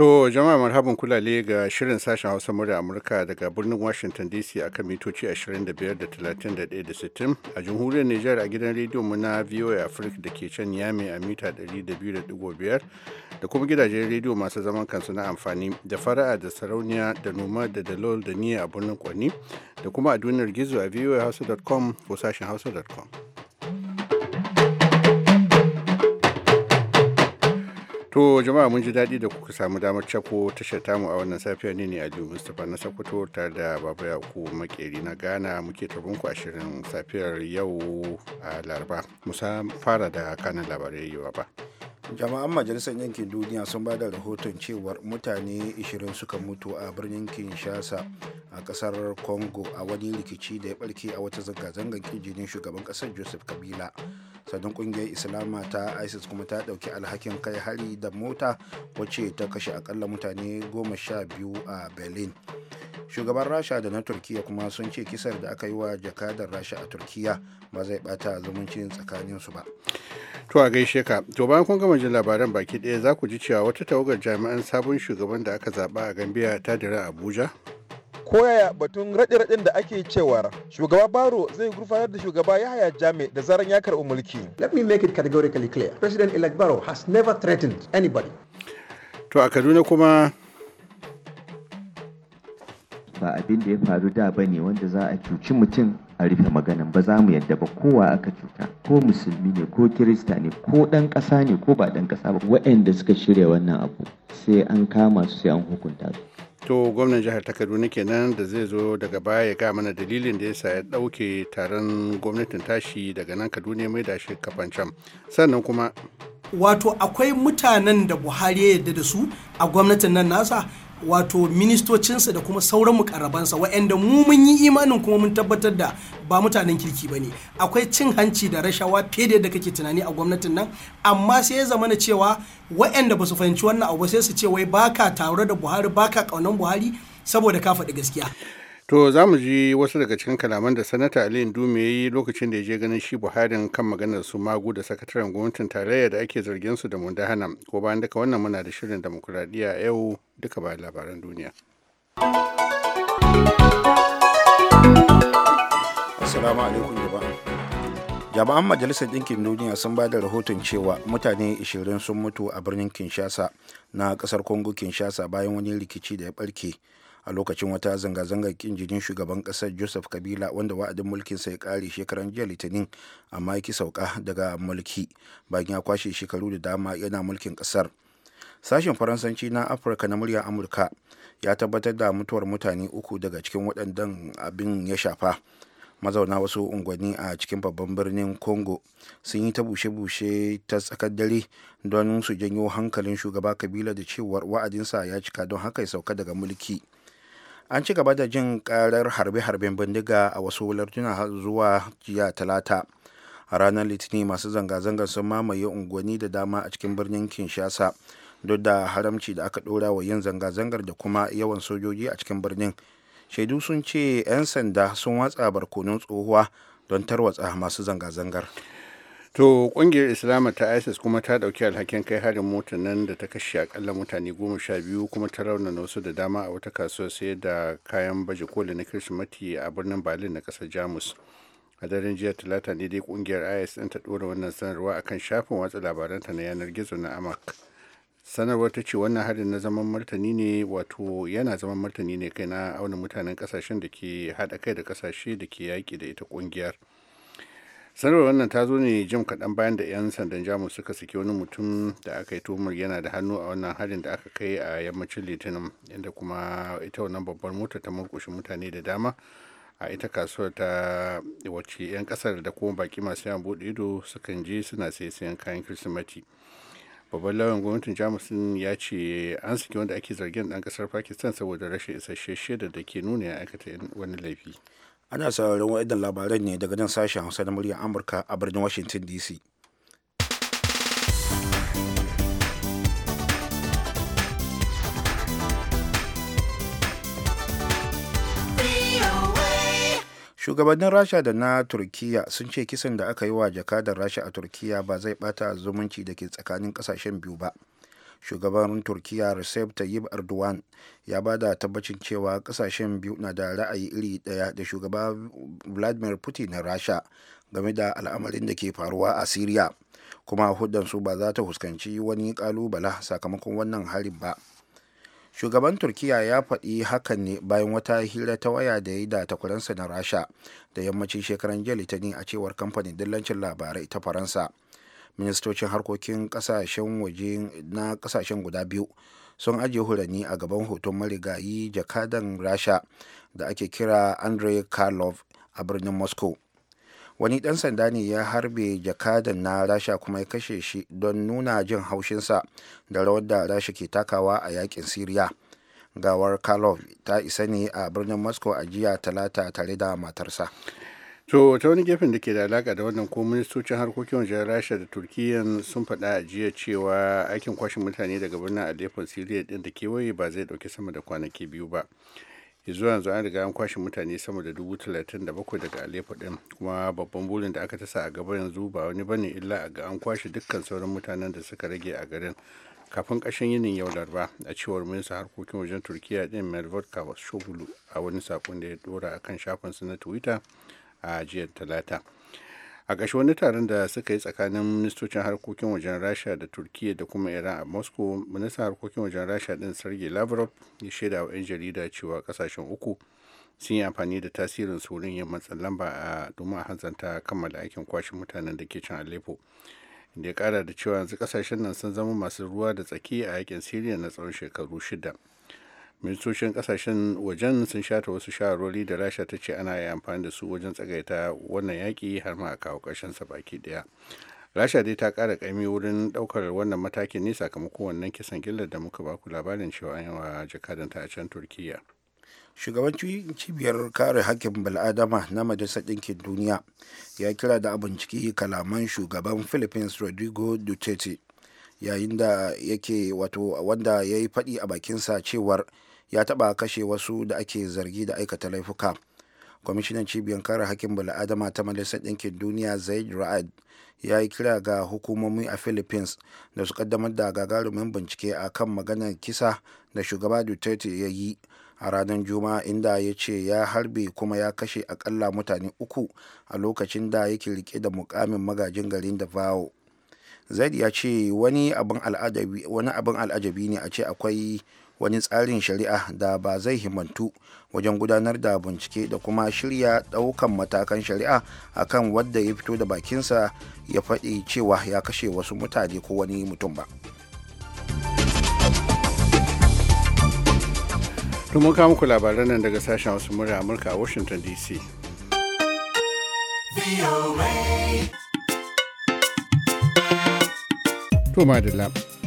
To jama'a marhaban kulale ga shirin sashen Hausa murya Amurka daga birnin Washington DC akan mitoci 25 da 31 da 60 a jamhuriyar Nijar a gidan rediyon mu na VOA Africa da ke can Yami a mita 200.5 da kuma gidajen rediyo masu zaman kansu na amfani da fara'a da sarauniya da noma da dalol da niyya a birnin Kwani da kuma a duniyar gizo a voahausa.com ko sashen hausa.com. To jama'a mun ji daɗi da kuka samu damar cako tashar tamu a wannan safiya ne ne Aliyu Mustapha na Sokoto tare da Baba Yakubu Makeri na Ghana muke tabon ku ashirin safiyar yau a Laraba. Musa fara da kanan labarai yau ba. Jama'an Majalisar Yankin Duniya sun ba da rahoton cewar mutane 20 suka mutu a birnin Kinshasa a kasar Congo a wani rikici da ya barke a wata zanga-zangar kirjinin shugaban kasar Joseph Kabila. sannan kungiyar islama ta isis kuma ta dauki alhakin kai hari da mota wacce ta kashe akalla mutane goma sha biyu a berlin shugaban rasha da na turkiya kuma sun ce kisar da aka yi wa jakadar rasha a turkiya ba zai bata zumuncin tsakaninsu ba to a gaishe ka to bayan kun gama jin labaran baki daya za ku ji cewa wata tawagar jami'an sabon shugaban da aka zaba a gambia ta dira abuja koyaya batun raɗe-raɗen da ake cewa shugaba baro zai gurfanar da shugaba yahaya jami da zaran ya karɓi mulki let me make it categorically clear president elect baro has never threatened anybody to a kaduna kuma ba abin da ya faru da ba ne wanda za a cuci mutum a rufe maganan ba za mu yadda ba kowa aka cuta ko musulmi ne ko kirista ne ko ɗan ƙasa ne ko ba ɗan ƙasa ba waɗanda suka shirya wannan abu sai an kama su sai an hukunta su to gwamnan jihar ta kaduna kenan da zai zo daga baya ya ga mana dalilin da yasa ya dauke taron gwamnatin tashi daga nan kaduna mai da shi kafan can sannan kuma wato akwai mutanen da buhari ya yarda da su a gwamnatin nan nasa wato ministocinsa da kuma sauran mukarrabansa waɗanda mu mun yi imanin kuma mun tabbatar da ba mutanen kirki ba ne akwai cin hanci da rashawa fiye da yadda kake tunani a gwamnatin nan amma sai ya zamana cewa waɗanda ba su fahimci wannan abu sai su ce wai baka tare da buhari baka kaunan buhari saboda ka faɗi gaskiya To za mu ji wasu daga cikin kalaman da Sanata Aliyu Dume ya yi lokacin da ya je ganin shi Buharin kan maganar su magu da sakataren gwamnatin tarayya da ake zargin su da mundahana. Ko bayan duka wannan muna da shirin demokuraɗiyya yau duka bayan labaran duniya. Assalamu alaikum Jami'an Majalisar Ɗinkin Duniya sun ba da rahoton cewa mutane 20 sun mutu a birnin Kinshasa na ƙasar Congo Kinshasa bayan wani rikici da ya ɓarke a lokacin wata zanga-zangar kin jinin shugaban kasar joseph kabila wanda wa'adin mulkin sai kare shekaran jiya litinin amma ya ki sauka daga mulki bayan ya kwashe shekaru da dama yana mulkin kasar sashen faransanci na afirka na murya amurka ya tabbatar da mutuwar mutane uku daga cikin waɗannan abin ya shafa mazauna wasu unguwanni a cikin babban birnin congo sun yi ta bushe-bushe ta tsakar dare don su janyo hankalin shugaba kabila da cewar wa'adinsa ya cika don haka ya sauka daga mulki an ci gaba da jin karar harbe-harben bindiga a wasu larduna zuwa jiya talata a ranar litinin masu zanga-zangar sun mamaye unguwanni da dama a cikin birnin kinshasa duk da haramci da aka dora wa yin zanga-zangar da kuma yawan sojoji a cikin birnin shaidu sun ce 'yan sanda sun watsa barkonin tsohuwa don tarwatsa masu zanga-zangar to kungiyar islama ta isis kuma ta dauki alhakin kai harin mota nan da ta kashe akalla mutane goma sha biyu kuma ta raunana wasu da dama a wata kasuwar sayar da kayan baje koli na kirsimati a birnin berlin na kasar jamus a daren jiya talata ne dai kungiyar is ta dora wannan sanarwa akan shafin watsa labaranta na yanar gizo na amak sanarwar ta ce wannan harin na zaman martani ne wato yana zaman martani ne kai na auna mutanen kasashen da ke haɗa kai da kasashe da ke yaƙi da ita kungiyar sanarwar wannan ta zo ne jim kaɗan bayan da 'yan sandan jamus suka saki wani mutum da aka yi tuhumar yana da hannu a wannan harin da aka kai a yammacin litinin inda kuma ita wannan babbar mota ta murkushe mutane da dama a ita kasuwar ta wacce 'yan kasar da kuma baki masu yawan buɗe ido sukan je suna sai sayan kayan kirsimati babban lauyan gwamnatin jamus ya ce an saki wanda ake zargin ɗan kasar pakistan saboda rashin isasshe shaidar da ke nuna ya aikata wani laifi ana sauraron wa'idan labaran ne daga nan sashen hausa na muryar amurka a birnin washington dc shugabannin rasha da na turkiya sun ce kisan da aka yi wa jakadar rasha a turkiya ba zai bata zumunci da ke tsakanin kasashen biyu ba shugaban turkiya recep tayyip erdogan ya ba da tabbacin cewa kasashen biyu na da ra'ayi iri daya da shugaba vladimir putin na rasha game da al'amarin da ke faruwa a syria kuma hudan su ba za ta fuskanci wani kalubala sakamakon wannan harin ba shugaban turkiya ya faɗi hakan ne bayan wata hira ta waya da ya yi da takwaransa na rasha da yammacin shekaran jiya litinin a cewar kamfanin dillancin labarai ta faransa ministocin harkokin kasashen waje na kasashen guda biyu sun ajiye hurani a gaban hoton marigayi jakadan rasha da ake kira andrei karlov a birnin moscow wani dan sanda ne ya harbe jakadan na rasha kuma ya kashe shi don nuna jin haushinsa da rawar da rasha ke takawa a yakin siriya gawar karlov ta isa ne a birnin moscow a jiya talata tare da matarsa to ta wani gefen da ke da alaka da wannan ko ministocin harkokin wajen rasha da turkiyya sun faɗa a jiya cewa aikin kwashe mutane daga birnin aleppo syria din da kewaye ba zai ɗauki sama da kwanaki biyu ba zuwa yanzu an riga an kwashe mutane sama da dubu talatin da bakwai daga aleppo din kuma babban burin da aka tasa a gaba yanzu ba wani bane illa a ga an kwashe dukkan sauran mutanen da suka rage a garin kafin ƙashin yinin yau larba a cewar minista harkokin wajen turkiya din melvod kavashoglu a wani sakon da ya dora a kan shafinsa na twitter a jiya talata a ƙarshe wani taron da suka yi tsakanin ministocin harkokin wajen rasha da turkiya da kuma iran a moscow ministan harkokin wajen rasha din sarge lavrov ya shaida wa 'yan jarida cewa kasashen uku sun yi amfani da tasirin wurin yin matsin lamba a domin a hanzanta kammala aikin kwashe mutanen da ke can aleppo da ya kara da cewa yanzu kasashen nan sun zama masu ruwa da tsaki a yakin siriya na tsawon shekaru shida ministocin kasashen wajen sun shata wasu shawarwari da rasha ta ce ana yi amfani da su wajen tsagaita wannan yaƙi har ma a kawo sa baki ɗaya rasha dai ta ƙara ƙaimi wurin ɗaukar wannan matakin ne sakamakon wannan kisan gillar da muka baku labarin cewa an yi wa ta a can turkiya shugaban cibiyar kare hakkin bal'adama na majalisar ɗinkin duniya ya kira da ciki kalaman shugaban philippines rodrigo duterte yayin da yake wato wanda ya yi faɗi a bakinsa cewar ya taɓa kashe wasu da ake zargi da aikata laifuka kwamishinan cibiyar kare hakkin bala'adama ta majalisar ɗinkin duniya zaid ra'ad ya yi kira ga hukumomi a philippines da su kaddamar da gagarumin bincike a kan maganar kisa da shugaba duterte ya yi a ranar juma'a inda ya ce ya harbe kuma ya kashe akalla mutane uku a lokacin da yake rike da mukamin magajin garin vao zaid ya ce wani abin al'ajabi ne a ce akwai wani tsarin shari'a da ba zai himantu wajen gudanar da bincike da kuma shirya ɗaukan matakan shari'a akan wadda ya fito da bakinsa ya faɗi cewa ya kashe wasu mutane ko wani mutum ba. mun kawo muku labaran nan daga sashen wasu murya Amurka a Washington DC.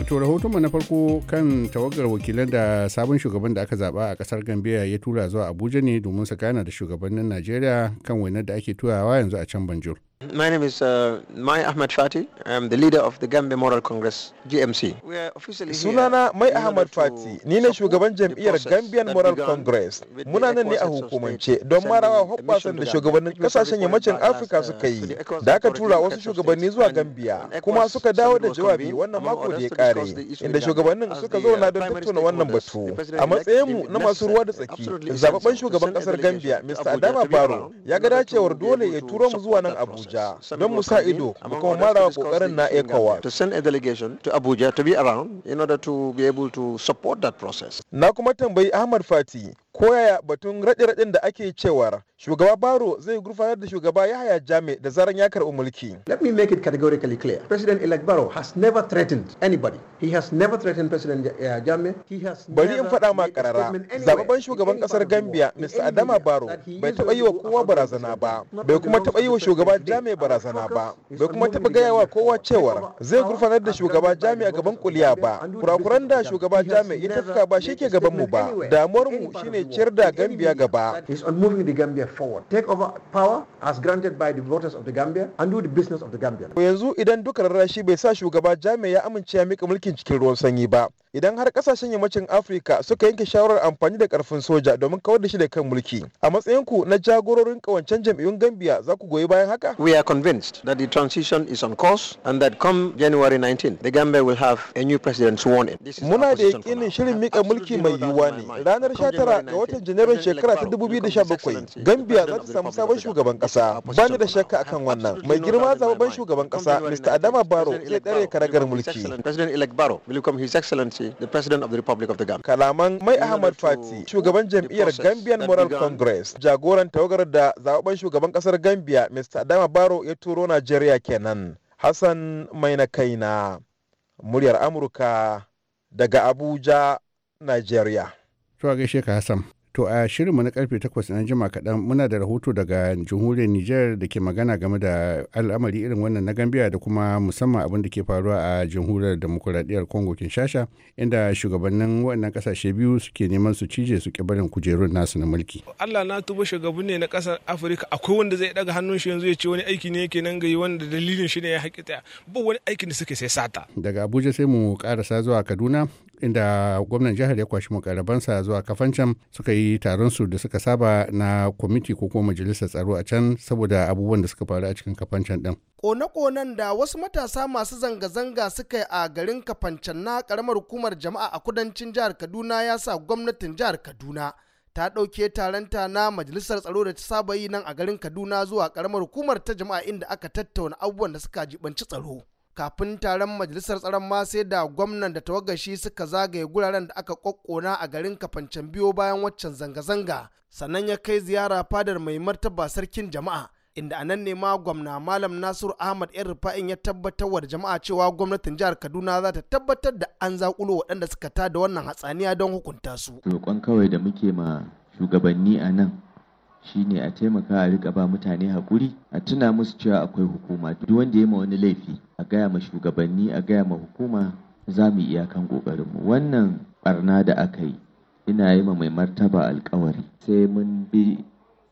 To mu na farko kan tawagar wakilan da sabon shugaban da aka zaba a kasar Gambia ya tura zuwa Abuja ne domin su gana da shugabannin Najeriya kan wainar da ake turawa yanzu a can Banjul. My name is uh, Mai Ahmed Fati. I'm the leader of the Gambia Moral Congress, GMC. We are officially Sunana Mai Ahmed Fati, ni ne shugaban jam'iyyar Gambian Moral Congress. Muna nan ne a hukumance don marawa hukumar da shugabannin kasashen yammacin Afirka suka yi. Da aka tura wasu shugabanni zuwa Gambia, kuma suka dawo da jawabi wannan mako da ya kare, inda shugabannin suka zauna uh, don tattauna wannan batu. A matsayin mu na masu ruwa da uh, tsaki, zababban shugaban kasar Gambia, Mr. Adama Barrow, ya ga dacewar dole ya turo mu zuwa nan Abuja. abuja don mu sa ido mu kuma mara kokarin na ecowas to send a delegation to abuja to be around in order to be able to support that process na kuma tambayi ahmad fati koyaya batun raɗe-raɗen da ake cewar shugaba baro zai gurfanar da shugaba yahaya jami da zaran ya karɓi mulki let me make it categorically clear president elect baro has never threatened anybody he has never threatened president eh, jami he has bari in faɗa ma karara zababban shugaban ƙasar gambia mr adama baro bai taɓa yi wa kowa barazana ba bai kuma taɓa yi wa shugaba jami barazana ba bai kuma taɓa gaya wa kowa cewar zai gurfanar da shugaba jami a gaban kuliya ba kurakuran da shugaba jami ya tafka ba shi ke gaban mu ba damuwar mu shine zai ciyar da Gambia gaba. Is on moving the Gambia forward. Take over power as granted by the voters of the Gambia and do the business of the Gambia. Yanzu idan duka rarrashi bai sa shugaba Jami ya amince ya mika mulkin cikin ruwan sanyi ba. idan har kasashen yammacin afirka suka yanke shawarar amfani da karfin soja domin kawar da shi da kan mulki a matsayinku na jagororin kawancen jam'iyyun gambia za ku goyi bayan haka we are convinced that the transition is on course and that come january 19 the gambia will have a new president warn in muna da yakinin shirin mika mulki mai yiwuwa ne ranar 19 ga watan janairun shekara ta 2017 gambia za ta samu sabon shugaban kasa ni da shakka akan wannan mai girma zababban shugaban kasa mr adama barrow zai tsare karagar mulki president elect barrow will become his excellency Fati, the President of the Republic of the Gambia. Kalaman Mai Ahmad Fati, shugaban jam'iyyar Gambian Moral Congress, jagoran tawagar da zaɓen shugaban ƙasar Gambia, Mr. Adama baro ya turo Najeriya kenan. Hassan Mai na kaina, muryar Amurka daga Abuja, Najeriya. Tuwa gaishe ka Hassan. To a shirinmu na karfe takwas na jima kaɗan muna da rahoto daga jamhuriyar Nijar da ke magana game da al'amari irin wannan na Gambia da kuma musamman abin da ke faruwa a jamhuriyar demokuraɗiyyar Congo Kinshasa inda shugabannin wannan kasashe biyu suke neman su cije su barin kujerun nasu na mulki. Allah na tuba shugaban ne na ƙasar Afirka akwai wanda zai ɗaga hannun shi yanzu ya ce wani aiki ne yake nan gayi wanda dalilin shi ne ya haƙita ba wani aikin da suke sai sata. Daga Abuja sai mu ƙarasa zuwa Kaduna inda gwamnan jihar ya kwashi mukarabansa zuwa kafancan suka yi taron da suka saba na kwamiti ko kuma majalisar tsaro a can saboda abubuwan da suka faru a cikin kafancan din. Kone-konen da wasu matasa masu zanga-zanga suka yi a garin kafancan na karamar hukumar jama'a a kudancin jihar Kaduna ya sa gwamnatin jihar Kaduna ta ɗauke taronta na majalisar tsaro da ta saba yi nan a garin Kaduna zuwa karamar hukumar ta jama'a inda aka tattauna abubuwan da suka jibanci tsaro. kafin taron majalisar tsaron ma sai da gwamnan da tawagashi suka zagaye guraren da aka kokkona a garin kafancen biyo bayan waccan zanga-zanga sannan ya kai ziyara fadar mai martaba sarkin jama'a inda anan ne ma gwamna malam nasur ahmad yan rufa'in ya tabbatar wa jama'a cewa gwamnatin jihar kaduna za ta tabbatar da an zakulo waɗanda suka tada wannan hatsaniya don hukunta su roƙon kawai da muke ma shugabanni a nan shine a taimaka a rika ba mutane hakuri a tuna musu cewa akwai hukuma duk wanda ya ma wani laifi a gaya ma shugabanni a gaya ma hukuma za mu iya ƙoƙarin mu wannan barna da aka yi ina yi ma mai martaba alkawari sai mun bi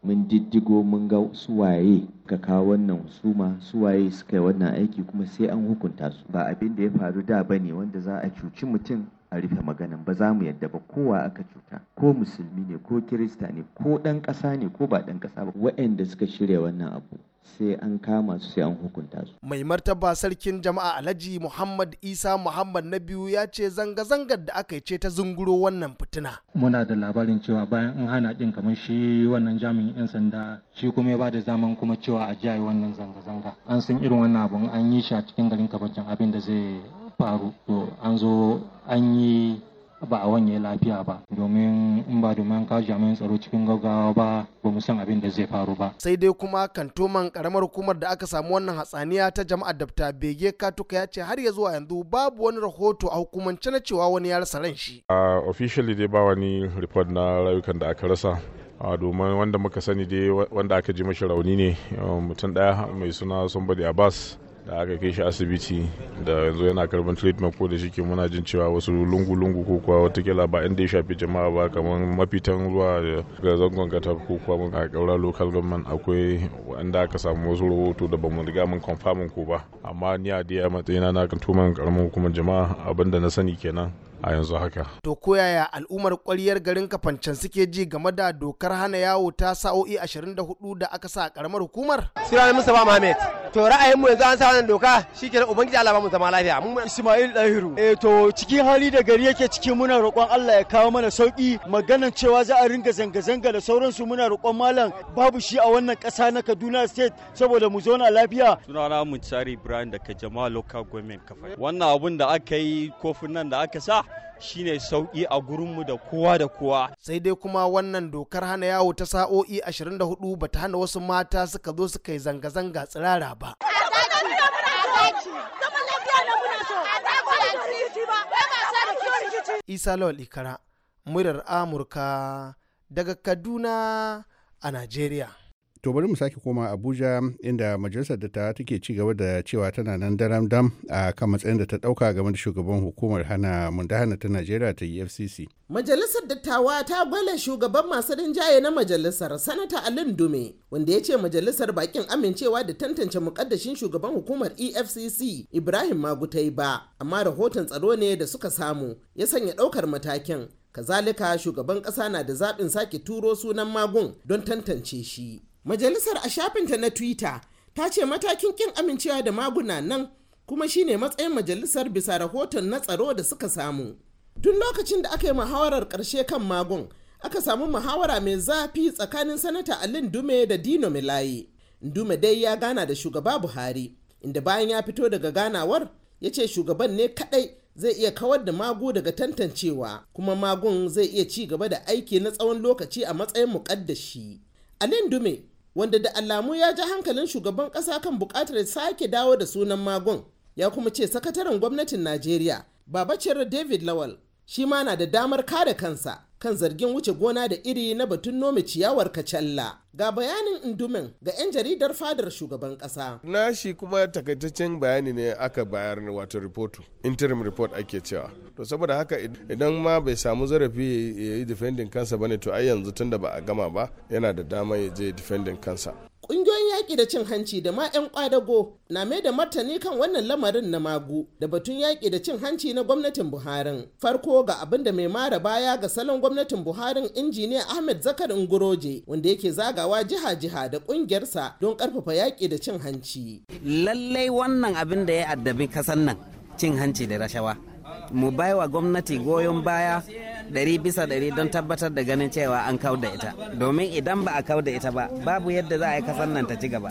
mun diddigo mun ga suwaye ka kawo wannan husuma suwaye suka yi wannan aiki kuma sai an hukunta su ba abin da ya faru da bane wanda za a cuci mutum a rufe maganin ba za mu yadda ba kowa aka cuta ko musulmi ne ko kirista ne ko ɗan ƙasa ne ko ba ɗan ƙasa ba waɗanda suka shirya wannan abu sai an kama su sai an hukunta su. Mai martaba sarkin jama'a Alhaji Muhammad Isa Muhammad na biyu ya ce zanga-zangar da aka yi ce ta zunguro wannan fitina. Muna da labarin cewa bayan in hana ɗin kamar shi wannan jami'in 'yan sanda shi kuma ya ba da zaman kuma cewa a jaye wannan zanga-zanga. An san irin wannan abun an yi shi a cikin garin kabajin abin da zai faru to an zo an yi ba a wanye lafiya ba domin in ba domin ka jami'an tsaro cikin gaggawa ba ba mu san abin da zai faru ba sai dai kuma kantoman karamar hukumar da aka samu wannan hatsaniya ta jama'a dabta bege katuka ya ce har ya zuwa yanzu babu wani rahoto a hukumance na cewa wani ya rasa ran shi uh, officially dai ba wani report na rayukan da aka rasa a domin wanda muka sani dai wanda aka ji mashi rauni ne um, mutum daya mai suna somebody abbas da aka kai shi asibiti da yanzu yana karban treatment ko da shi ke muna jin cewa wasu lungu-lungu ko kuwa watakila ba inda ya shafi jama'a ba kamar mafitan zuwa ga zangon gata ko kuwa mun a kaura local government akwai wanda aka samu wasu rahoto da bamu riga mun confirm ko ba amma ni a dai a matsayina na kan tuman karamin hukumar jama'a abinda na sani kenan a yanzu haka. To ko yaya al'ummar kwaryar garin Kafancan suke ji game da dokar hana yawo ta sa'o'i 24 da aka sa a karamar hukumar? Sirani ba Mohammed. To ra'ayinmu yanzu an sa wannan doka shikenan Ubangiji Allah ba mu zama lafiya. Mun Ismail Dahiru. Eh to cikin hali da gari yake cikin muna roƙon Allah ya kawo mana sauki maganan cewa za a ringa zanga-zanga da sauransu muna roƙon malam babu shi a wannan ƙasa na Kaduna State saboda mu zauna lafiya. Sunana Mutsari Ibrahim daga Jama'a Local Government Kafa. Wannan abun da aka yi kofin nan da aka sa shine sauƙi a gurinmu da kowa da kowa. Sai dai kuma wannan dokar hana yawo ta sa'o'i 24 ta hana wasu mata suka zo suka yi zanga-zanga tsirara ba. Isa Lawal Ikara, murar Amurka daga Kaduna a Najeriya. To bari mu sake koma Abuja inda majalisar dattawa take ci gaba da cewa tana nan daram dam a kan matsayin da ta dauka game da shugaban hukumar hana mundahana ta Najeriya ta EFCC. Majalisar dattawa ta gwale shugaban masu rinjaye na majalisar sanata Alin Dume wanda ya ce majalisar bakin amincewa da tantance mukaddashin shugaban hukumar EFCC Ibrahim Magutai ba amma rahoton tsaro ne da suka samu ya sanya daukar matakin kazalika shugaban kasa na da zaɓin sake turo sunan magun don tantance shi. Majalisar a shafinta na Twitter ta ce matakin kin amincewa da maguna nan kuma shine matsayin majalisar bisa rahoton na tsaro da suka samu. Tun lokacin da aka yi muhawarar karshe kan magun, aka samu muhawara mai zafi tsakanin sanata Alin Dume da Dino Milayi. Dume dai ya gana da shugaba Buhari, inda bayan ya fito daga ganawar ya ce shugaban ne kadai zai iya kawar da magu daga tantancewa, kuma magun zai iya ci gaba da aiki na tsawon lokaci a matsayin muƙaddashi. Alin Dume wanda da alamu ya ji hankalin shugaban ƙasa kan buƙatar sake dawo da sunan magon ya kuma ce sakataren gwamnatin najeriya babacin david lawal shi ma na da damar kare kansa kan zargin wuce gona da iri na batun nome ciyawar kacalla ga bayanin indumin ga 'yan jaridar fadar shugaban kasa na shi kuma takaitaccen bayani ne aka bayar wato ripoto interim report ake cewa to saboda haka idan ma bai samu zarafi ya yi defending kansa ne to ai yanzu tunda ba a gama ba yana da dama ya je defending kansa Ƙungiyoyin yaƙi da cin hanci da ma 'yan ƙwadago na mai da martani kan wannan lamarin na magu da batun yaƙi da cin hanci na gwamnatin Buharin. Farko ga abin da mai mara baya ga salon gwamnatin Buharin injiniya Ahmed Zakar Ngoroje wanda yake zagawa jiha-jiha da ƙungiyarsa don ƙarfafa yaƙi da cin hanci. Lallai wannan abin da ya addabi kasan nan cin hanci da rashawa. Mu baiwa gwamnati goyon baya ɗari bisa ɗari don tabbatar da ganin cewa an kau da ita domin idan ba a kau da ita ba babu yadda za a yi kasan nan ta ci gaba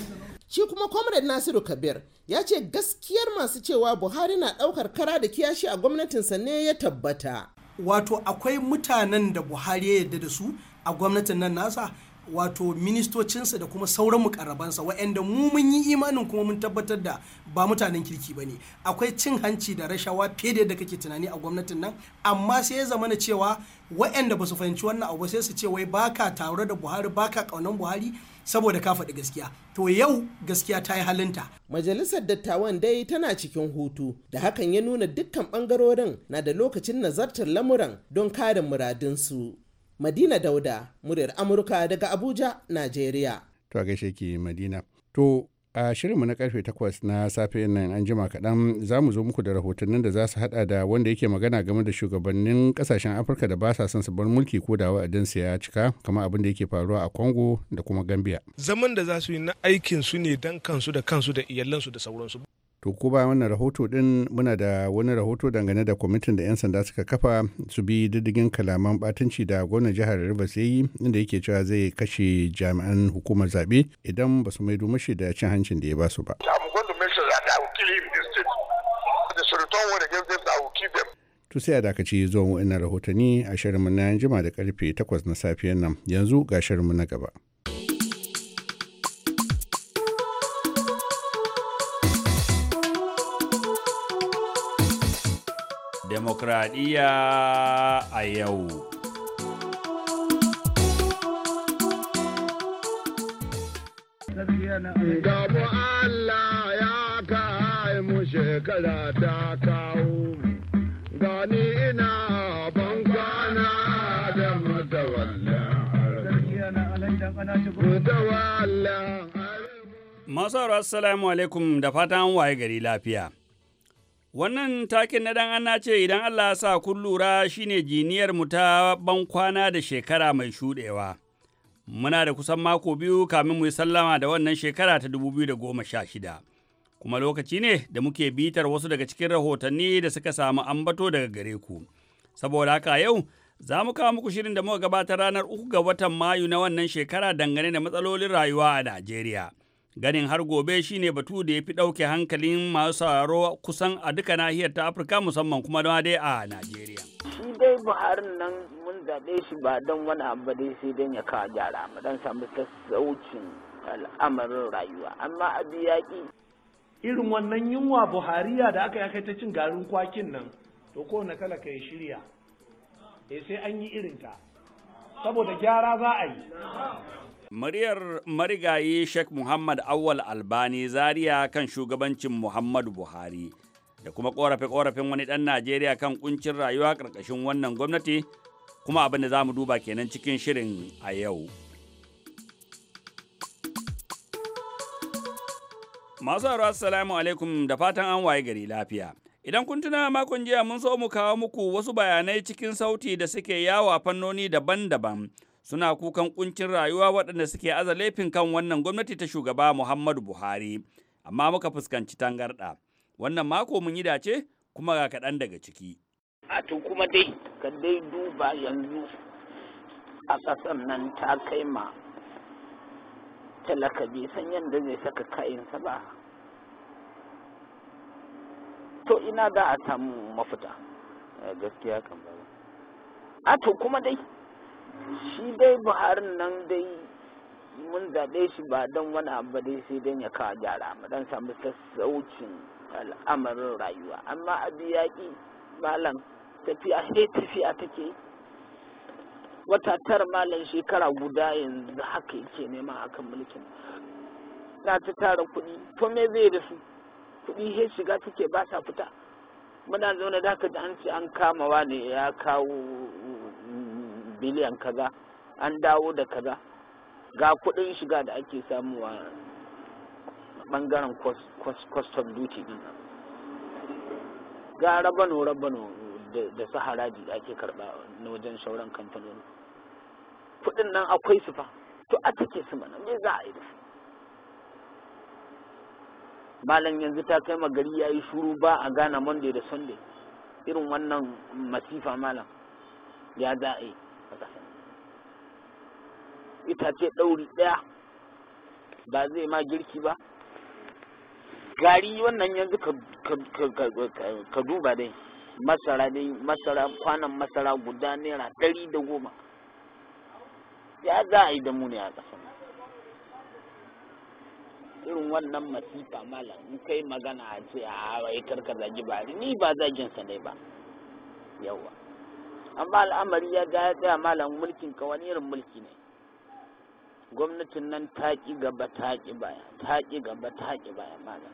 shi kuma comrade nasiru kabir ya ce gaskiyar masu cewa buhari na ɗaukar kara da kiyashi a gwamnatin sa ne ya tabbata wato akwai mutanen da buhari ya yarda da su a gwamnatin nan nasa wato ministocinsa da kuma sauran mukarrabansa waɗanda mu mun yi imanin kuma mun tabbatar da ba mutanen kirki ba ne akwai cin hanci da rashawa fiye da yadda kake tunani a gwamnatin nan amma sai ya zamana cewa waɗanda ba su fahimci wannan abu sai su ce wai baka tare da buhari baka kaunan buhari saboda ka faɗi gaskiya to yau gaskiya ta yi halinta. majalisar dattawan dai tana cikin hutu da hakan ya nuna dukkan bangarorin na da lokacin nazartar lamuran don kare muradinsu. Madina Dauda, muryar Amurka daga Abuja, Najeriya. To a gaishe ki Madina. To a shirinmu na karfe 8 na safe nan an jima kaɗan za mu zo muku da rahotannin da za su haɗa da wanda yake magana game da shugabannin kasashen afirka da ba sa son su bar mulki ko da wa'adinsu ya cika kamar abin da yake faruwa a congo da kuma gambia zaman da za su yi na aikin su ne dan kansu da kansu da iyalansu da sauransu to ko bayan wannan rahoto din muna da wani rahoto dangane da kwamitin da 'yan sanda suka kafa su bi diddigin kalaman batanci da gwamnan jihar rivers ya yi inda yake cewa zai kashe jami'an hukumar zabe idan ba su maido mashi da cin hancin da ya ba su ba to sai a dakaci zuwan wa'annan rahotanni a shirinmu na jima da karfe 8 na safiyan nan yanzu ga mu na gaba demokradiyya a yau. Masu Allah assalamu alaikum da fatan waye gari lafiya. Wannan takin na dan ana ce idan Allah ya sa kun lura shine jiniyar mu ta ban kwana da shekara mai shuɗewa. Muna da kusan mako biyu kamin mu yi sallama da wannan shekara ta 2016. Kuma lokaci ne da muke bitar wasu daga cikin rahotanni da suka samu ambato daga gare ku. Saboda haka yau za mu kawo muku shirin da muka gabatar ranar uku ga watan Mayu na wannan shekara dangane da matsalolin rayuwa a Najeriya. Ganin har gobe shine batu da ya fi ɗauke hankalin masu sauraro kusan a duka nahiyar ta Afirka musamman kuma don dai a Najeriya. Shi dai Buhari nan mun zaɓe shi ba don wani abu dai sai don ya kawo gyara mu don samu sassaucin al'amarin rayuwa amma abu yaƙi. Irin wannan yunwa Buhariya da aka yi ta cin garin kwakin nan to na kala ka shirya. Eh sai an yi irin ta saboda gyara za a yi. Muryar marigayi Sheikh Muhammad Awal Albani Zaria kan shugabancin Muhammadu Buhari da kuma korafe-korafin wani ɗan Najeriya kan kuncin rayuwa ƙarƙashin wannan gwamnati kuma abin da za mu duba kenan cikin shirin a yau. Masu haro assalamu alaikum da fatan an waye gari lafiya. Idan kun tuna makon jiya mun so mu kawo muku wasu bayanai cikin sauti da suke yawo a fannoni daban-daban. suna kukan kuncin rayuwa waɗanda suke aza laifin kan wannan gwamnati ta shugaba Muhammadu Buhari, amma muka fuskanci tangarɗa. Wannan mako mun yi dace kuma ga kaɗan daga ciki. A to kuma dai, ka dai duba yanzu a ƙasar nan ta kai ma talaka san yadda zai saka kayansa ba. To ina da a samu mafita. Eh, gaskiya kan ba. A to kuma dai, shi dai buharin nan dai mun zaɓe shi ba don wani abu dai sai don ya kawo gyara mu don samu sassaucin al'amarin rayuwa amma abu yaƙi malam tafiya sai tafiya take wata tara malam shekara guda yanzu haka yake nema akan mulkin na ta tara kuɗi to me zai da su kuɗi he shiga take ba sa fita muna zaune da ka ji an ce an kama ne ya kawo biliyan kaza an dawo da kaza ga kuɗin shiga da ake samuwa bangaren custom duty din ga rabano rabano da su haraji da ake karba na wajen shauran kamfanoni kuɗin nan akwai su fa to a take su mana me za a yi da su malam yanzu ta kai magari ya yi shuru ba a gana monday da sunday irin wannan masifa malam ya za a yi itace ɗauri ɗaya ba zai ma girki ba gari wannan yanzu ka duba dai masara dai masara kwanan masara guda naira ɗari da goma ya za a yi da muni a ƙasa irin wannan masifa malam in kai magana a ce a wai karka zagi ba ni ba zagin sa dai ba yawa amma al'amari ya ga ya tsaya malam mulkin ka wani irin mulki ne gwamnatin nan ta ƙi gaba ta ƙi baya ta ƙi gaba ta ƙi baya malam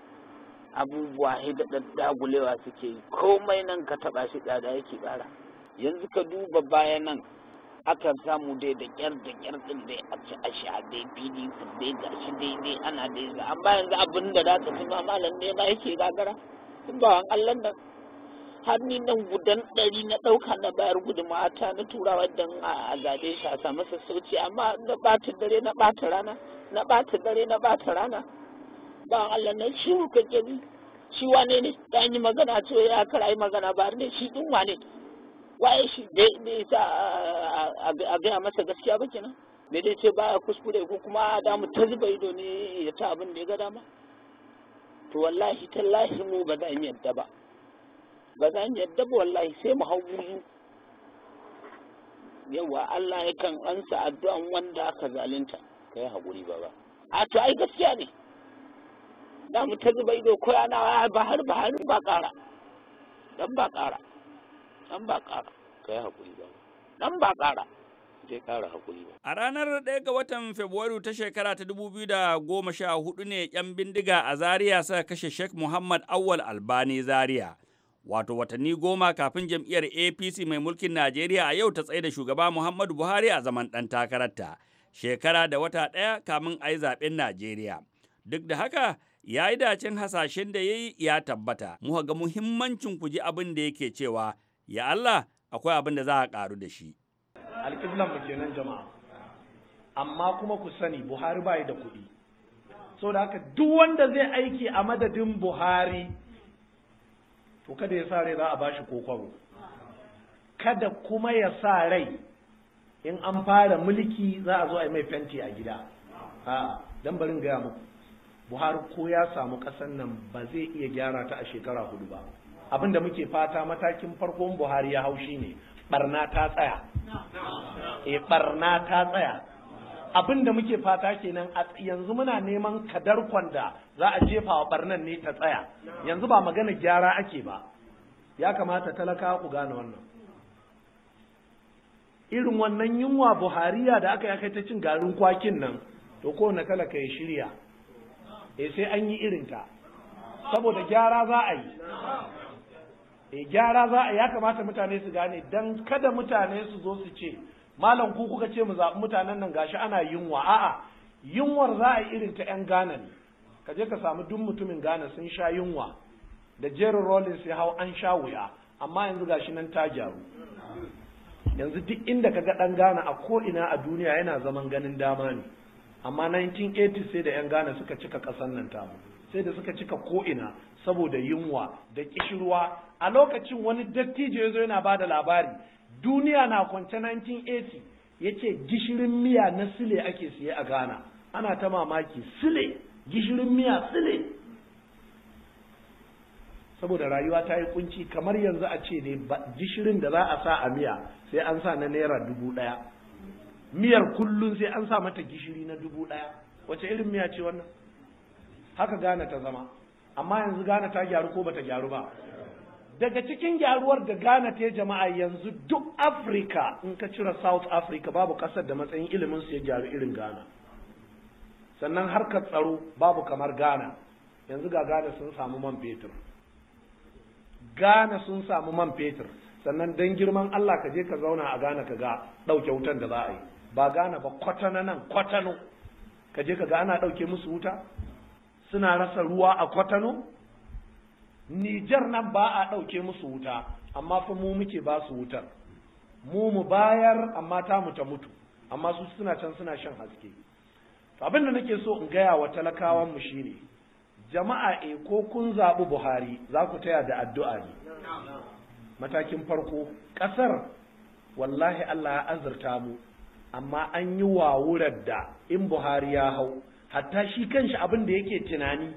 abubuwa da dagulewa suke yi komai nan ka taɓa shi tsada yake ƙara yanzu ka duba baya nan aka samu dai da ƙyar da ƙyar ɗin dai a ci a sha dai pdp dai gashi dai dai ana dai amma yanzu abin da za ka ci ma malam ne ba yake gagara ba an allan nan ni nan gudan ɗari na ɗauka na bayar gudunmawa ta na turawa don a zaɓe shi a samu sassauci amma na ɓata dare na ɓata rana na ɓata dare na ɓata rana ba Allah na shiru ka gani shi wane ne ta yi magana ce ya kara yi magana ba ne shi ɗin wane waye shi ne sa a gaya masa gaskiya ba kenan ne dai ce baya kuskure ko kuma damu ta zuba ido ne ya ta abin da ya ga dama to wallahi tallahi mu ba za mu yadda ba ba za mu yadda ba wallahi sai mu hau buzu yawa Allah yakan ansa addu'an wanda aka zalunta kai haƙuri ba ba a to ai gaskiya ne da mu ta zuba ido ko yana ah, ba har ba har ba ƙara dan ba ƙara dan ba ƙara kai haƙuri ba dan ba ƙara ba. A ranar ɗaya ga watan Fabrairu ta shekara ta dubu biyu da goma sha hudu ne ‘yan bindiga a Zaria suka kashe Sheikh Muhammad Awal Albani Zaria. wato watanni goma kafin jam'iyyar apc mai mulkin najeriya a yau ta tsaye da shugaba muhammadu buhari a zaman ɗan takararta shekara da wata ɗaya kamin a yi zaɓen najeriya duk da haka ya yi dacin hasashen da ya yi ya tabbata muka ga muhimmancin ku ji abin da yake cewa ya allah akwai abin da za a ƙaru da shi alƙiblan mu kenan jama'a amma kuma ku sani buhari bai da kuɗi saboda haka duk wanda zai aiki a madadin buhari to kada ya sa rai za a bashi kokwaro kada kuma ya sa rai in an fara mulki za a zo a yi mai fenti a gida a dan barin gaya muku buhari ko ya samu kasan nan ba zai iya gyara ta a shekara hudu ba abin da muke fata matakin farkon buhari ya haushi ne barna ta tsaya e eh, barna ta tsaya abin da muke fata kenan yanzu muna neman kadar kwanda za a jefa wa barnan ne ta tsaya yanzu ba magana gyara ake ba ya kamata talaka ku gane wannan irin wannan yunwa buhariya da aka yaka ta cin garin kwakin nan to ko na talaka ya shirya e sai an yi irinta saboda gyara za a yi e gyara za a ya kamata mutane su gane don kada mutane su zo su ce malam ku kuka ce mu zaɓi mutanen nan gashi ana yunwa a'a yunwar za a irin ta 'yan gana ne ka je ka samu duk mutumin Ghana sun sha yunwa da Jerry Rollins ya hau an sha wuya amma yanzu gashi nan ta gyaru yanzu duk inda ka ga ɗan Ghana a ko'ina a duniya yana zaman ganin dama ne amma 1980 sai da 'yan gana suka cika ƙasar nan tamu sai da suka cika ko'ina saboda yunwa da kishirwa a lokacin wani dattijo ya zo yana bada labari duniya na kwance 1980 ya ce gishirin miya na sile ake siye a ghana ana ta mamaki sile gishirin miya sile saboda rayuwa ta yi kunci kamar yanzu a ce ne gishirin da za a sa a miya sai an sa na naira dubu ɗaya miyar kullum sai an sa mata gishiri na dubu ɗaya wace irin miya ce wannan haka gana ta zama amma yanzu gana ta gyaru ko ba ta gyaru ba daga cikin gyaruwar da gana ta jama'a yanzu duk Afirka in ka cire South Africa babu kasar da matsayin ilimin su ya gyaru irin gana sannan harkar tsaro babu kamar gana yanzu ga gana sun samu man fetur gana sun samu man fetur sannan dan girman Allah ka je ka zauna a gana ka ga ɗauke wutan da za a yi ba gana ba kwatana nan kwatano ka je ka ga ana ɗauke musu wuta suna rasa ruwa a kwatano Nijar nan ba a ɗauke musu wuta amma fa mu muke ba su wutar mu mu bayar amma ta mu ta mutu amma su suna can suna shan haske abin da nake so in gaya wa talakawan mu shine jama'a e ko kun zaɓi Buhari za ku taya da addu'a ne matakin farko ƙasar wallahi Allah ya azurta mu amma an yi wurar da in Buhari ya hau hatta shi kanshi abin da yake tunani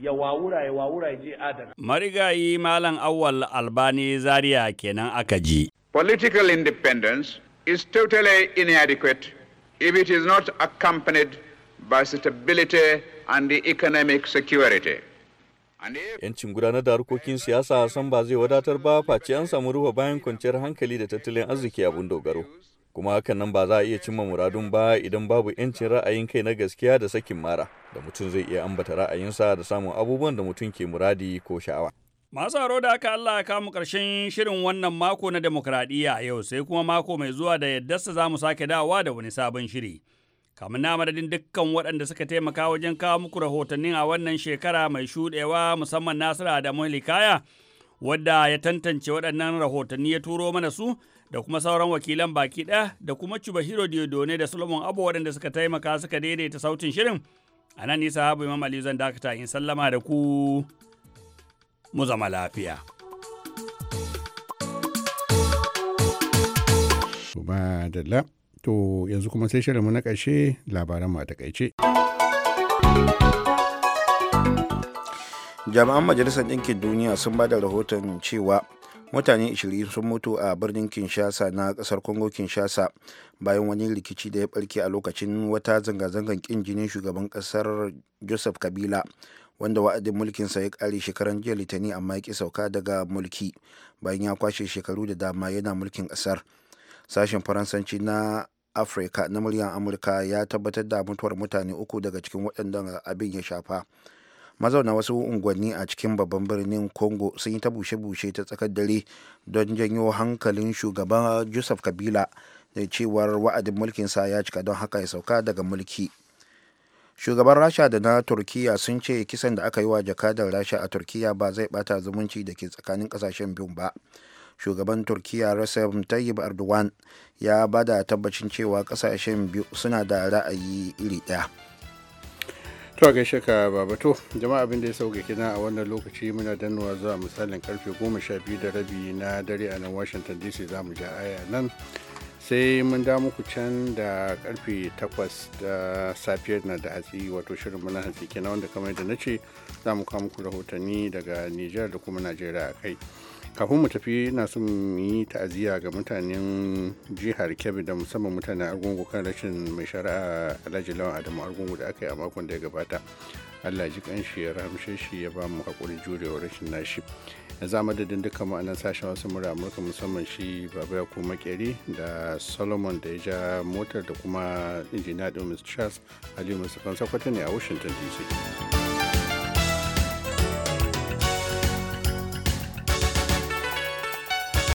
ya wawura ya wawura ya je adana. Marigayi Malam Awal Albani Zaria kenan aka ji. Political independence is totally inadequate if it is not accompanied by stability and economic security. Yancin gudanar da harkokin siyasa san ba zai wadatar ba face an samu ruwa bayan kwanciyar hankali da tattalin arziki abun dogaro. kuma hakan nan ba za a iya cimma muradun ba idan babu yancin ra'ayin kai na gaskiya da sakin mara da mutum zai iya ambata ra'ayinsa da samun abubuwan da mutum ke muradi ko sha'awa. Masu haro da aka Allah ya kama ƙarshen shirin wannan mako na demokradiyya yau sai kuma mako mai zuwa da yaddarsa za mu sake dawowa da wani sabon shiri. Kamun na madadin dukkan waɗanda suka taimaka wajen kawo muku rahotannin a wannan shekara mai shuɗewa musamman Nasiru Adamu Likaya wadda ya tantance waɗannan rahotanni ya turo mana su da kuma sauran wakilan baki ɗaya da kuma Chubahiro Diodone da Solomon Abu waɗanda suka taimaka suka daidaita sautin shirin. A nan nisa habu Imam Ali zan dakata in sallama da ku mu zama lafiya. Ba da to yanzu kuma sai shirinmu na ƙarshe labaran mu a takaice. jami'an majalisar ɗinkin duniya sun ba da rahoton cewa mutane 20 sun mutu a birnin kinshasa na kasar congo kinshasa bayan wani rikici da ya barke a lokacin wata zanga-zangar kin jinin shugaban kasar joseph kabila wanda wa'adin mulkinsa ya kare shekaran jiya litani amma ya ki sauka daga mulki bayan ya kwashe shekaru da dama yana mulkin kasar sashen faransanci na afirka na muryar amurka ya tabbatar da mutuwar mutane uku daga cikin waɗanda abin ya shafa mazauna wasu unguwanni a cikin babban birnin congo sun yi ta bushe-bushe ta tsakar dare don janyo hankalin shugaban joseph kabila da cewar wa'adin mulkinsa ya cika don haka ya sauka daga mulki shugaban rasha da na turkiya sun ce kisan da aka yi wa jakadar rasha a turkiya ba zai bata zumunci da ke tsakanin kasashen biyun ba shugaban turkiya recep tayyip erdogan ya bada tabbacin cewa kasashen biyu suna da ra'ayi iri ɗaya to gaishe ka babato jama'a abin da ya sauke kina a wannan lokaci muna danuwa zuwa misalin karfe biyu da rabi na dare a nan washington dc za mu ja aya nan sai mun da muku can da karfe 8 da safiyar na da hatsi wato shirin muna hatsi kina wanda kamar yadda na ce za mu kawo muku rahotanni daga niger da kuma najeriya a kai kafin mu tafi na son yi ta'aziyya ga mutanen jihar kebbi da musamman mutanen argungu kan rashin mai shari'a alhaji lawan adamu argungu da aka yi a makon da ya gabata allah ji kanshi ya rahamshe shi ya ba mu haƙuri jurewa rashin nashi yanzu a madadin dukkan ma'anar sashen wasu mura amurka musamman shi baba ya kuma makeri da solomon da ya ja motar da kuma injiniya ɗin mr charles aliyu mustapha sakwato ne a washington dc